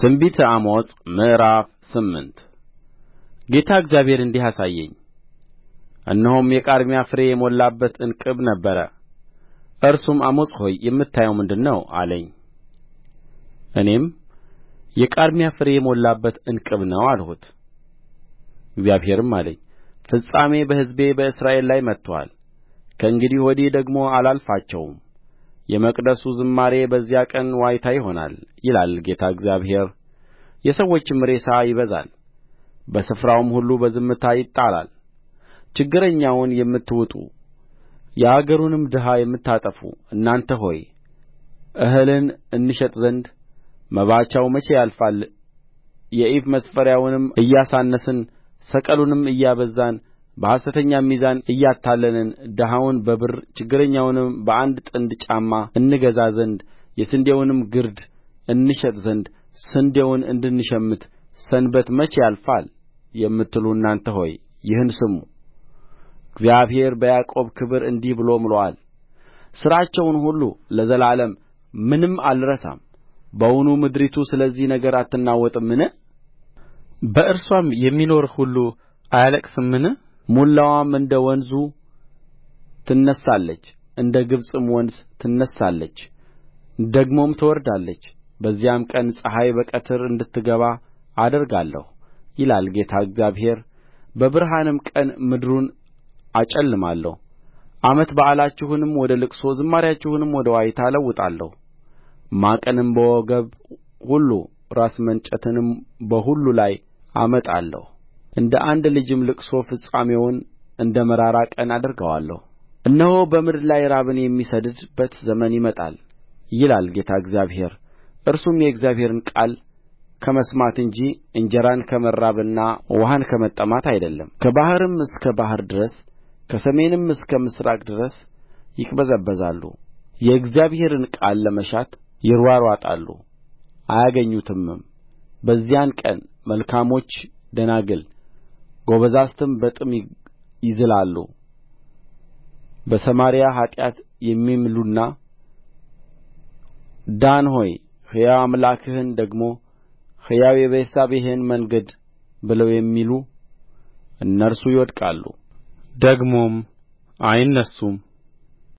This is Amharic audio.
ትንቢተ አሞጽ ምዕራፍ ስምንት ጌታ እግዚአብሔር እንዲህ አሳየኝ እነሆም የቃርሚያ ፍሬ የሞላበት ዕንቅብ ነበረ እርሱም አሞጽ ሆይ የምታየው ምንድር ነው አለኝ እኔም የቃርሚያ ፍሬ የሞላበት ዕንቅብ ነው አልሁት እግዚአብሔርም አለኝ ፍጻሜ በሕዝቤ በእስራኤል ላይ መጥቶአል ከእንግዲህ ወዲህ ደግሞ አላልፋቸውም የመቅደሱ ዝማሬ በዚያ ቀን ዋይታ ይሆናል ይላል ጌታ እግዚአብሔር የሰዎችም ሬሳ ይበዛል በስፍራውም ሁሉ በዝምታ ይጣላል ችግረኛውን የምትውጡ የአገሩንም ድሀ የምታጠፉ እናንተ ሆይ እህልን እንሸጥ ዘንድ መባቻው መቼ ያልፋል የኢፍ መስፈሪያውንም እያሳነስን ሰቅሉንም እያበዛን በሐሰተኛም ሚዛን እያታለልን ድሀውን በብር ችግረኛውንም በአንድ ጥንድ ጫማ እንገዛ ዘንድ የስንዴውንም ግርድ እንሸጥ ዘንድ ስንዴውን እንድንሸምት ሰንበት መቼ ያልፋል የምትሉ እናንተ ሆይ ይህን ስሙ። እግዚአብሔር በያዕቆብ ክብር እንዲህ ብሎ ምሎአል፣ ሥራቸውን ሁሉ ለዘላለም ምንም አልረሳም። በውኑ ምድሪቱ ስለዚህ ነገር አትናወጥምን? በእርሷም የሚኖር ሁሉ አያለቅስምን? ሙላዋም እንደ ወንዙ ትነሣለች እንደ ግብጽም ወንዝ ትነሣለች ደግሞም ትወርዳለች በዚያም ቀን ፀሐይ በቀትር እንድትገባ አደርጋለሁ ይላል ጌታ እግዚአብሔር በብርሃንም ቀን ምድሩን አጨልማለሁ ዓመት በዓላችሁንም ወደ ልቅሶ ዝማሬአችሁንም ወደ ዋይታ እለውጣለሁ ማቅንም በወገብ ሁሉ ራስ መንጨትንም በሁሉ ላይ አመጣለሁ እንደ አንድ ልጅም ልቅሶ ፍጻሜውን እንደ መራራ ቀን አደርገዋለሁ እነሆ በምድር ላይ ራብን የሚሰድድበት ዘመን ይመጣል ይላል ጌታ እግዚአብሔር እርሱም የእግዚአብሔርን ቃል ከመስማት እንጂ እንጀራን ከመራብና ውኃን ከመጠማት አይደለም ከባሕርም እስከ ባሕር ድረስ ከሰሜንም እስከ ምሥራቅ ድረስ ይቅበዘበዛሉ የእግዚአብሔርን ቃል ለመሻት ይሯሯጣሉ አያገኙትምም በዚያን ቀን መልካሞች ደናግል ጐበዛዝትም በጥም ይዝላሉ በሰማርያ ኃጢአት የሚምሉና ዳን ሆይ ሕያው አምላክህን ደግሞ ሕያው የቤርሳቤህን መንገድ ብለው የሚሉ እነርሱ ይወድቃሉ ደግሞም አይነሡም